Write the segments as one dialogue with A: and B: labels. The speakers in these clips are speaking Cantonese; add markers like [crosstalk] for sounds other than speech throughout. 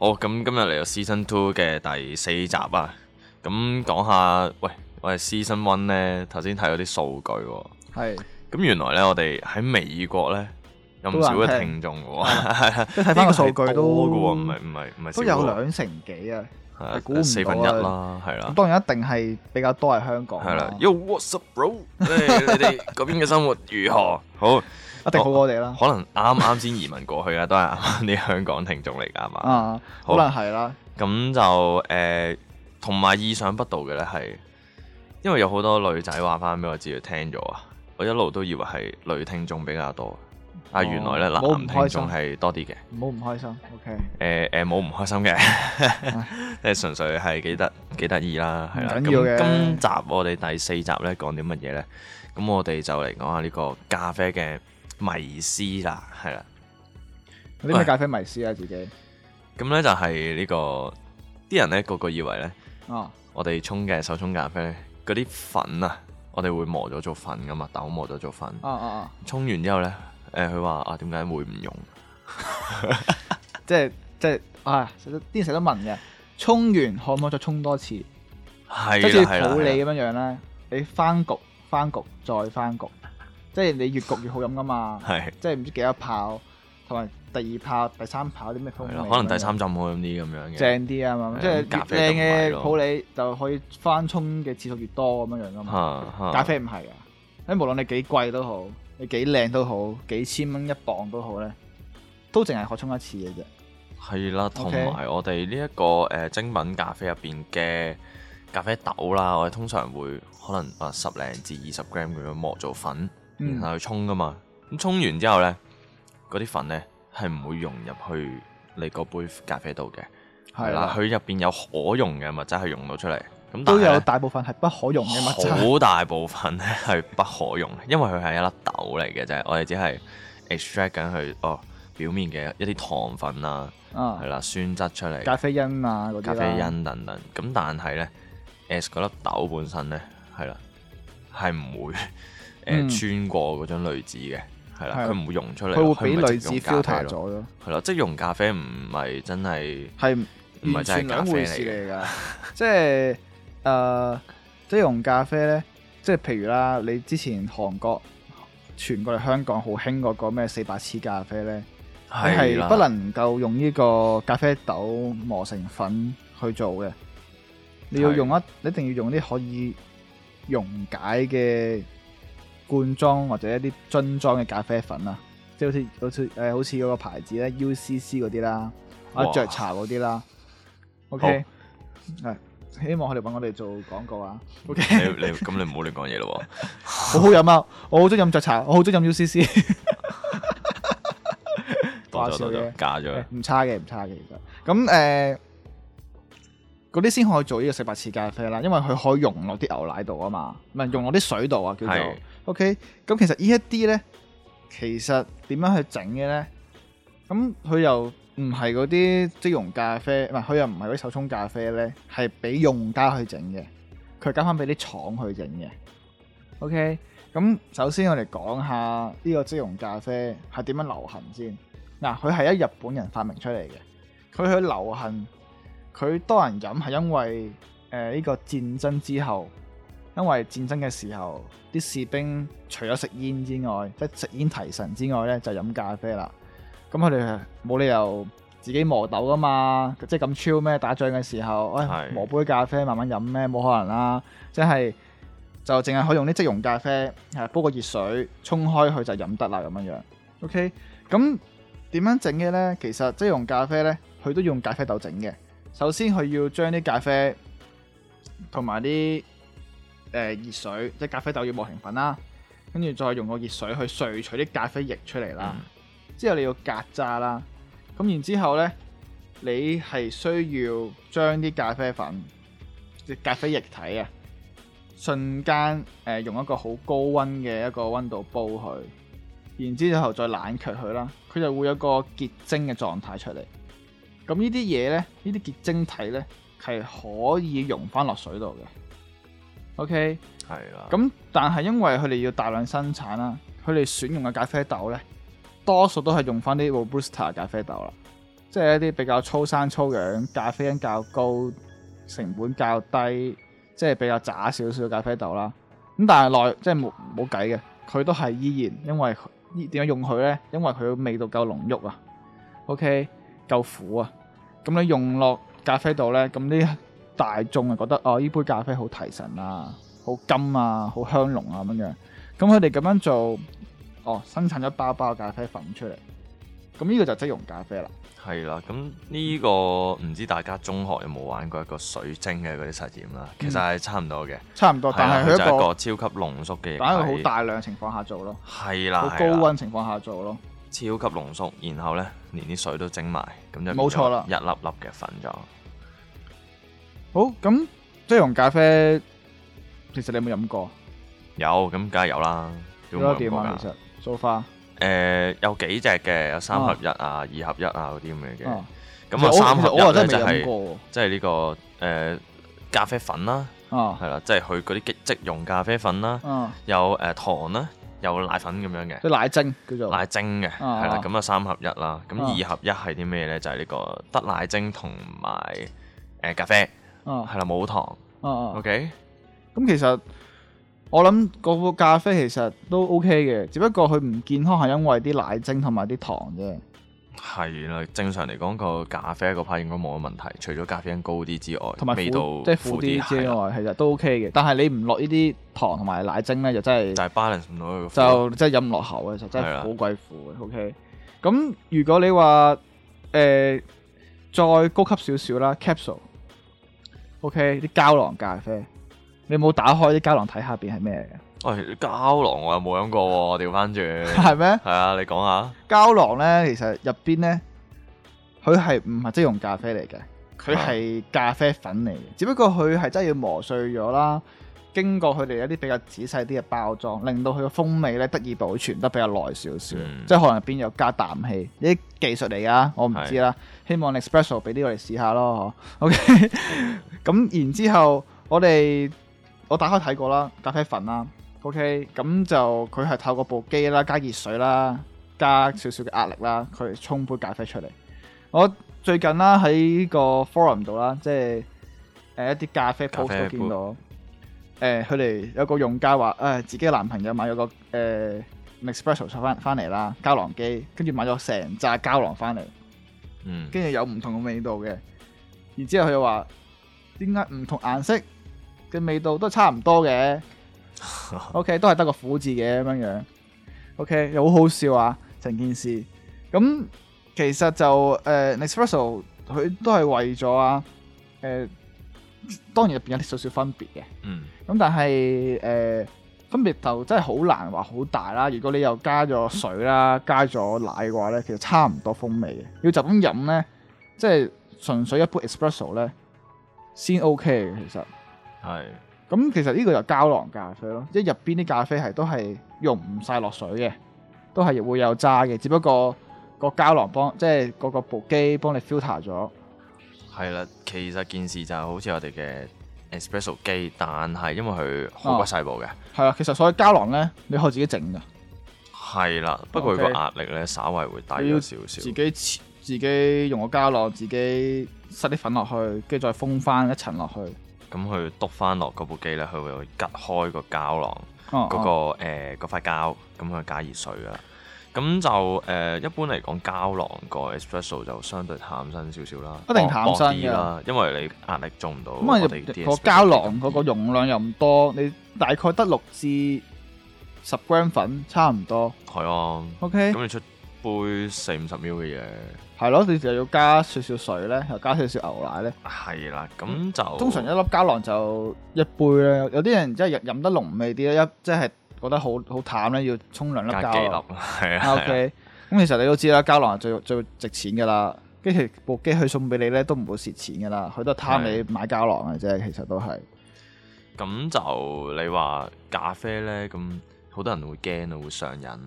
A: 好，咁今日嚟到 Season Two 嘅第四集啊，咁講下，喂，我哋 Season One 咧，頭先睇咗啲數據，係，咁原來咧我哋喺美國咧，有唔少嘅聽眾喎，係係，即係睇翻個數據都嘅喎，唔係唔係唔係，都有兩
B: 成幾啊，係估四分一啦，係啦，當然一定係比較多係香港，係啦
A: ，Yo what's up bro，你哋嗰邊嘅生活如何？好。一定好過我哋啦。可能啱啱先移民過去啊， [laughs] 都係啱啱啲香港聽眾嚟㗎，係、嗯、嘛？啊，可能係啦。咁就誒，同埋意想不到嘅咧，係因為有好多女仔話翻俾我知，聽咗啊，我一路都以為係女聽眾比較多，啊，原來咧、哦、男聽眾係多啲嘅。
B: 冇唔開心，OK。誒、
A: 呃、誒，冇、呃、唔開心嘅，即 [laughs] 誒純粹係幾得幾得意啦，係啦。咁今集我哋第四集咧講啲乜嘢咧？咁我哋就嚟講下呢個咖啡嘅。迷思啦，係啦。
B: 嗰啲咩咖啡迷思啊？自己
A: 咁咧、哎、就係呢、這個，啲人咧個個以為咧，哦，我哋沖嘅手沖咖啡嗰啲粉啊，我哋會磨咗做粉噶嘛，豆磨咗做粉。哦哦哦。沖、哦、完之後咧，誒、呃，佢話啊，點解會唔用？ [laughs]
B: [laughs] 即係
A: 即係啊！啲
B: 人食得聞嘅，沖完可唔可以再沖多次？係啊係啊。好似普洱咁樣樣咧，你翻焗翻焗再翻焗。即係你越焗越好飲噶嘛， [laughs] 是啊、即係唔知幾多泡，同埋第二泡、第三泡啲咩風味、啊？可能第三
A: 浸好飲啲咁樣嘅。正啲啊嘛，即係咖啡、越靚嘅普洱
B: 就可以翻沖嘅次數越多咁樣樣噶嘛。
A: 咖啡唔
B: 係啊，誒無論你幾貴都好，你幾靚都好，幾千蚊一磅都好咧，都淨係可沖一次嘅啫。
A: 係啦、啊，同、okay? 埋我哋呢一個誒、呃、精品咖啡入邊嘅咖啡豆啦，我哋通常會可能啊十零至二十 gram 咁樣磨做粉。然後去沖㗎嘛，咁沖完之後咧，嗰啲粉咧係唔會融入去你嗰杯咖啡度嘅，係啦，佢入邊有可溶嘅物質係溶到出嚟，咁都有是
B: 大部分係不可溶嘅物質，好
A: 大部分咧係不可溶， [laughs] 因為佢係一粒豆嚟嘅啫，我哋只係 extract 緊佢哦表面嘅一啲糖粉啊，係、啊、啦，酸質出嚟，咖
B: 啡因啊，咖啡因
A: 等等，咁、啊、但係咧 s 嗰粒豆本身咧，係啦，係唔會。誒、呃、穿過嗰張濾紙嘅，係、嗯、啦，佢唔會溶出嚟，佢會俾濾紙 filter 咗咯。係咯，即係溶咖啡唔係、就是、真係係唔係真係兩回事嚟㗎、 [laughs] 呃？即
B: 係誒，即係溶咖啡咧，即係譬如啦，你之前韓國傳過嚟香港好興嗰個咩四百次咖啡咧，係不能夠用呢個咖啡豆磨成粉去做嘅，
A: 你要用
B: 一的一定要用啲可以溶解嘅。罐裝或者一啲樽裝嘅咖啡粉啊，即係好似好似誒，好似嗰個牌子咧，UCC 嗰啲啦，啊雀茶嗰啲啦。OK，係希望佢哋揾我哋做廣告啊。OK，你
A: 咁你唔 [laughs] 好亂講嘢咯。
B: 好好飲啊！我好中意飲雀茶，我好中意飲 UCC [laughs] 笑。掛少啲，假咗。唔差
A: 嘅，唔差嘅，其實
B: 咁誒，嗰啲先可以做呢個四百次咖啡啦，因為佢可以溶落啲牛奶度啊嘛，唔係溶落啲水度啊，叫做。OK，咁其實呢一啲呢，其實點樣去整嘅呢？咁佢又唔係嗰啲即溶咖啡，唔係佢又唔係嗰啲手沖咖啡呢，係俾用家去整嘅，佢加翻俾啲廠去整嘅。OK，咁首先我哋講下呢個即溶咖啡係點樣流行先。嗱、啊，佢係一日本人發明出嚟嘅，佢去流行，佢多人飲係因為誒呢、呃呢個戰爭之後。因為戰爭嘅時候，啲士兵除咗食煙之外，即食煙提神之外呢就飲咖啡啦。咁佢哋冇理由自己磨豆噶嘛，即係咁超咩？打仗嘅時候，誒、哎、磨杯咖啡慢慢飲咩？冇可能啦，即係就淨係可以用啲即溶咖啡，係煲個熱水沖開佢就飲得啦咁樣樣。OK，咁點樣整嘅呢？其實即溶咖啡呢，佢都用咖啡豆整嘅。首先佢要將啲咖啡同埋啲。誒、呃、熱水，即係咖啡豆要磨成粉啦，跟住再用個熱水去萃取啲咖啡液出嚟啦。之後你要隔渣啦，咁然之後呢，你係需要將啲咖啡粉、咖啡液體啊，瞬間誒、呃、用一個好高溫嘅一個溫度煲佢，然之後再冷卻佢啦，佢就會有個結晶嘅狀態出嚟。咁呢啲嘢呢，呢啲結晶體呢，係可以溶翻落水度嘅。O.K. 係啦，咁但係因為佢哋要大量生產啦，佢哋選用嘅咖啡豆咧，多數都係用翻啲 Robusta 咖啡豆啦，即係一啲比較粗生粗養、咖啡因較高、成本較低，即係比較渣少少嘅咖啡豆啦。咁但係內即係冇冇計嘅，佢都係依然因為依點樣用佢咧，因為佢嘅味道夠濃郁啊，O.K. 夠苦啊，咁你用落咖啡豆咧，咁呢？大眾啊覺得哦呢杯咖啡好提神啊，好甘啊，好香濃啊咁樣。咁佢哋咁樣做，哦生產咗一包包咖啡粉出嚟。咁呢個就即溶咖啡啦。
A: 係啦，咁呢個唔知大家中學有冇玩過一個水蒸嘅嗰啲實驗啦，嗯？其實係差唔多嘅。差唔多，係但係佢就係一個超級濃縮嘅，喺一個好大
B: 量嘅情況下做咯。
A: 係啦，好高
B: 溫的情況下做咯。
A: 超級濃縮，然後咧連啲水都蒸埋，咁就冇錯啦，一粒粒嘅粉狀。
B: 好咁即溶咖啡，其實你有冇飲
A: 過？有，咁梗係有啦。有得點啊？其實蘇花誒有幾隻嘅，有三合一啊，啊二合一啊嗰啲咁嘅嘢。咁啊我三合一咧即係即係呢個誒、呃、咖啡粉啦、啊，係、啊、啦即係佢嗰啲即溶咖啡粉啦、啊，啊、有誒、呃、糖啦、啊，有奶粉咁樣嘅。啲奶
B: 精叫做奶
A: 精嘅，係啦。咁啊三合一啦、啊，咁二合一係啲咩咧？啊、就係呢、這個得奶精同埋誒咖啡。啊，係啦，冇糖。啊，啊，OK。咁其實
B: 我諗嗰個咖啡其實都 OK 嘅，只不過佢唔健康係因為啲奶精同埋啲糖啫。
A: 係啦，正常嚟講個咖啡嗰批應該冇乜問題，除咗咖啡因高啲之外，同埋味道即係苦啲之
B: 外，其實都 OK 嘅。但係你唔落呢啲糖同埋奶精咧，就真係就 balance 唔到就即係飲唔落口嘅，其實真係好鬼苦嘅。OK。咁如果你話誒、呃、再高級少少啦 c a p OK，啲膠囊咖啡，你有冇打開啲膠囊睇下邊係咩嚟嘅？
A: 喂、哎，膠囊我又冇飲過喎，調翻轉。係咩？係啊，你講下。
B: 膠囊咧，其實入邊咧，佢係唔係即溶咖啡嚟嘅？佢係咖啡粉嚟嘅，只不過佢係真係要磨碎咗啦。經過佢哋一啲比較仔細啲嘅包裝，令到佢嘅風味咧，得以保存得比較耐少少，即係可能入邊有加氮氣，呢啲技術嚟噶，我唔知啦。希望 espresso 俾啲我嚟試下咯，OK，咁 [laughs] 然之後我哋我打開睇過啦，咖啡粉啦。OK，咁就佢係透過部機啦，加熱水啦，加少少嘅壓力啦，佢沖杯咖啡出嚟。我最近啦喺個 forum 度啦，即係誒一啲咖啡 post 見到。誒佢哋有個用家話，誒、哎、自己嘅男朋友買咗個誒 Nespresso 出翻翻嚟啦，膠、呃、囊機，跟住買咗成扎膠囊翻嚟，嗯，跟住有唔同嘅味道嘅，然之後佢又話點解唔同顏色嘅味道都差唔多嘅 [laughs] ，OK 都係得個苦字嘅咁樣樣，OK 又好好笑啊，成件事，咁其實就誒、呃、Nespresso 佢都係為咗啊誒。呃當然入邊有啲少少分別嘅，咁、嗯、但係誒、呃、分別就真係好難話好大啦。如果你又加咗水啦，加咗奶嘅話咧，其實差唔多風味嘅。要就咁飲咧，即係純粹一杯 espresso 咧先 OK 嘅。其實係咁，其實呢個就膠囊咖啡咯，即係入邊啲咖啡係都係溶唔晒落水嘅，都係會有渣嘅。只不過個膠囊幫即係嗰個部機幫你 filter 咗。
A: 係啦，其實件事就係好似我哋嘅 Espresso 機，但係因為佢好鬼細部嘅。
B: 係、哦、啊，其實所有膠囊呢，你可以自己整噶。
A: 係啦，不過個壓力呢，稍微會低咗少少。自
B: 己自己用個膠囊，自己塞啲粉落去，跟住再封翻一層落去。
A: 咁佢篤翻落嗰部機呢，佢會割開個膠囊，嗰個誒塊膠，咁去加熱水啊。咁就、呃、一般嚟講膠囊個 espresso 就相對淡身少少啦，一定淡身一點啦，因為你壓力做唔到。咁膠
B: 囊個個容量又唔多，你大概得六至十 gram 粉差唔多。係啊。O K。咁你出杯四五十 ml 嘅嘢。係咯，你就要加少少水咧，又加少少牛奶咧。
A: 係啦，咁就通常一
B: 粒膠囊就一杯咧。有啲人即係飲得濃味啲咧，一即係。覺得好好淡咧，要沖兩粒膠。加幾粒，
A: 係啊。O K，
B: 咁其實你都知啦，膠囊係最最值錢噶啦。跟住部機去送俾你咧，都唔會蝕錢噶啦。佢都係貪你買膠囊嘅啫，啊，其實都係。
A: 咁就你話咖啡咧，咁好多人會驚啊，會上癮啊。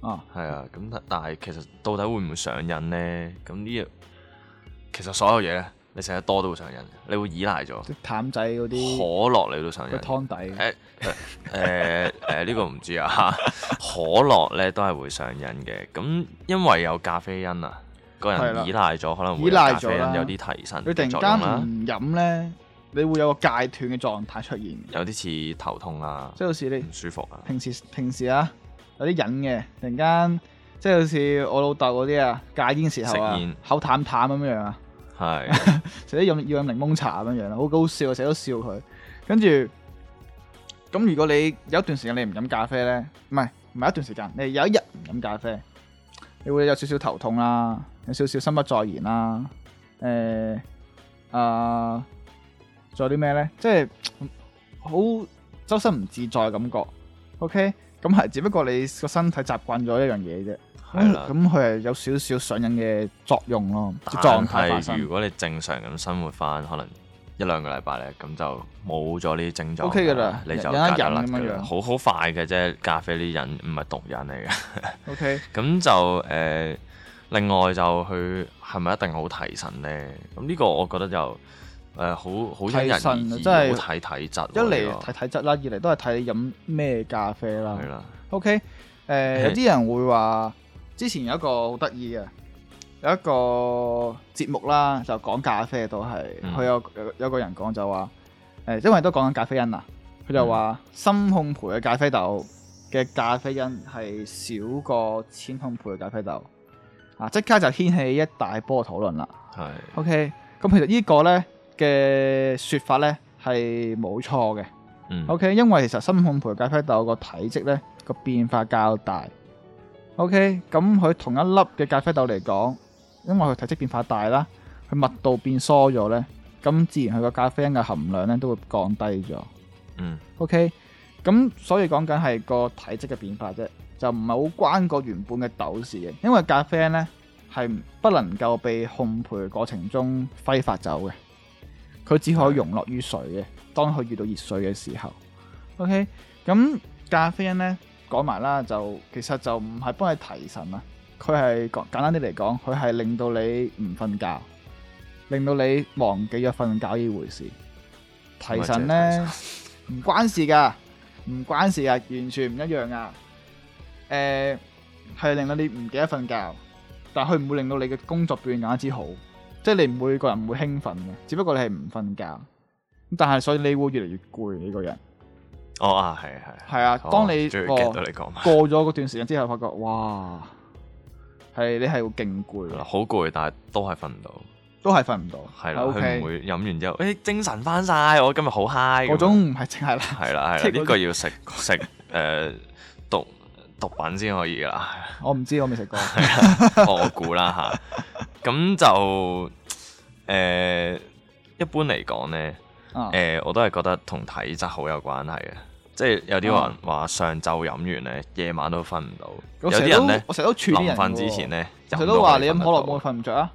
A: 啊，係啊。咁但係其實到底會唔會上癮咧？咁呢樣，其實所有嘢咧。你食得多都會上癮，你會依賴咗。譚仔嗰啲可樂你都會上癮。嗰個、湯底誒誒誒呢個唔知啊 [laughs] 可樂咧都係會上癮嘅。咁因為有咖啡因啊，個人依賴咗可能會咖啡因依賴咗有啲提神嘅作用、啊、突然間
B: 唔飲咧，你會有個戒斷嘅狀態出現。
A: 有啲似頭痛啊，
B: 即、就、係、是、好似你唔舒服啊。平時平時啊有啲癮嘅，突然間即係、就是、好似我老豆嗰啲啊戒煙時候啊，口淡淡咁樣啊。係成日飲要飲檸檬茶咁樣樣，好搞笑，成日都笑佢，跟住咁如果你有一段時間你唔飲咖啡咧，唔係唔係一段時間，你有一日唔飲咖啡，你會有少少頭痛啦，有少少心不在焉啦，誒、呃、啊，仲有啲咩咧？即係好周身唔自在感覺。OK，咁係只不過你個身體習慣咗一樣嘢啫。咁佢係有少少上癮嘅作用咯，但係如
A: 果你正常咁生活翻，可能一兩個禮拜咧，咁就冇咗呢啲症狀。O K 噶啦，你就戒咗啦，好好快嘅啫。咖啡啲人唔係毒癮嚟嘅。O K，咁就誒、呃，另外就去係咪一定好提神咧？咁呢個我覺得就誒、呃，好好因人而異，即係睇體質、就是。一嚟睇、這
B: 個、體質啦，二嚟都係睇你飲咩咖啡啦。係啦。O K，誒，有啲人會話。之前有一個好得意嘅，有一個節目啦，就講咖啡都係，佢、嗯、有有有個人講就話，誒，因為都講緊咖啡因啊，佢就話深烘焙嘅咖啡豆嘅咖啡因係少過淺烘焙嘅咖啡豆，啊，即刻就掀起一大波討論啦。係，OK，咁其實呢個呢嘅説法呢係冇錯嘅、嗯。OK，因為其實深烘焙嘅咖啡豆個體積呢個變化較大。O.K. 咁佢同一粒嘅咖啡豆嚟講，因為佢體積變化大啦，佢密度變疏咗呢，咁自然佢個咖啡因嘅含量呢都會降低咗。嗯。O.K. 咁所以講緊係個體積嘅變化啫，就唔係好關個原本嘅豆事嘅，因為咖啡因呢係不能夠被烘焙過程中揮發走嘅，佢只可以溶落於水嘅。當佢遇到熱水嘅時候，O.K. 咁咖啡因呢。講埋啦，就其實就唔係幫你提神啊，佢係講簡單啲嚟講，佢係令到你唔瞓覺，令到你忘記咗瞓覺呢回事。提神呢，唔關事噶，唔關事噶，完全唔一樣噶。誒、呃，係令到你唔記得瞓覺，但係佢唔會令到你嘅工作變更加之好，即係你唔會個人唔會興奮嘅，只不過你係唔瞓覺，但係所以你會越嚟越攰呢個人。
A: 哦、oh, 啊、yes, yes. oh,，係啊係，係啊！當你
B: 過咗嗰段時間之後，發覺哇，
A: 係你係會勁攰，好攰，但係都係瞓唔到，
B: 都係瞓唔到，
A: 係啦，佢、okay. 唔會飲完之後，誒、欸，精神翻晒，我今日好嗨，嗰種
B: 唔係淨係啦，係啦係啦，呢個要
A: 食食誒毒毒品先可以噶，
B: 我唔知我未食過，
A: 我估啦吓，咁 [laughs] 就誒、呃、一般嚟講咧。誒、嗯欸，我都係覺得同體質好有關係嘅，即係有啲人話上晝飲完咧，夜晚都瞓唔到。有啲人咧，我成日都臨瞓之前咧，成日都話你飲可樂會瞓唔着啊。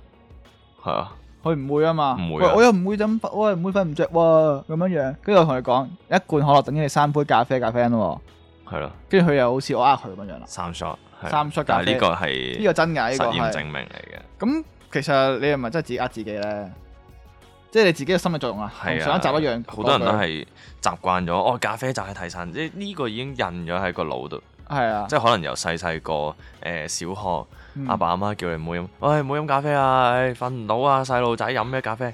B: 係、嗯、啊，佢唔會啊嘛。唔會我又唔會飲，我又唔會瞓唔着喎。咁、啊、樣樣，跟住我同佢講，一罐可樂等於你三杯咖啡咖啡咯。係咯。跟住佢又好似我呃佢咁樣啦。三 shot。三 shot 咖啡。但係呢個係呢個真㗎，呢個實驗證明嚟嘅。咁、這個這個、其實你係咪真係自己呃自己咧？即係你自己嘅心理作用啊，係啊，同上一集一樣。好多人都係
A: 習慣咗，哦，咖啡就係提神，即、係、呢個已經印咗喺個腦度。
B: 係啊，即係
A: 可能由細細個誒小學，阿爸阿媽叫你唔好飲，唉唔好飲咖啡啊，唉瞓唔到啊，細路仔飲咩咖啡？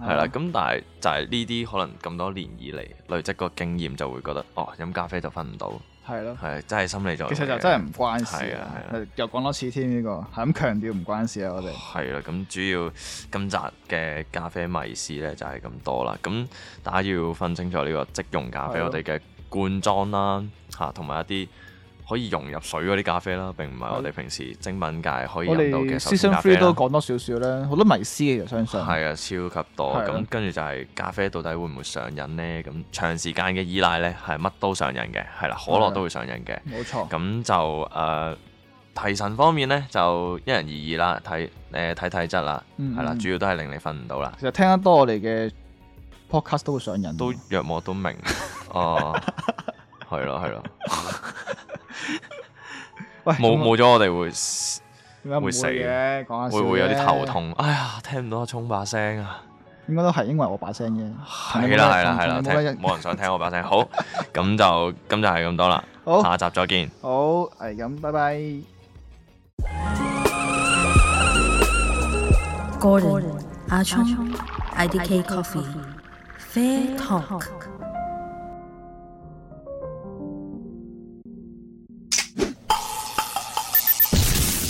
A: 係啦、啊，咁、啊、但係就係呢啲可能咁多年以嚟累積個經驗就會覺得，哦飲咖啡就瞓唔到。係咯，係真係心理作用。其實就真係唔關事，係啊，又講多次添呢個，係咁強調唔關事啊！我哋係啦，咁主要今集嘅咖啡迷思咧就係咁多啦。咁大家要分清楚呢個即溶咖啡，的我哋嘅罐裝啦，嚇同埋一啲。可以融入水嗰啲咖啡啦，並唔係我哋平時精品界可以飲到嘅手拿咖啡啦，Season 3都
B: 講多少少啦，好多迷思嘅，
A: 我相信係啊，超級多咁。跟住就係咖啡到底會唔會上癮呢？咁長時間嘅依賴呢，係乜都上癮嘅，係啦，可樂都會上癮嘅，冇錯。咁就誒、呃、提神方面呢，就因人而異啦，睇誒睇體質啦，係、嗯、啦、嗯，主要都係令你瞓唔到啦。其
B: 實聽得多我哋嘅 podcast 都會上癮，都
A: 約我都明啊。 [laughs] 哦 [laughs] 係咯係咯， [laughs] 喂，冇冇咗我哋會會死嘅，會會有啲頭痛。哎呀，聽唔到阿聰把聲啊，應
B: 該都係因為我把聲啫。係啦係啦係啦，冇人
A: 想聽我把聲。好，咁 [laughs] 就咁就係咁多啦。好，下集再見。
B: 好，係咁，拜拜。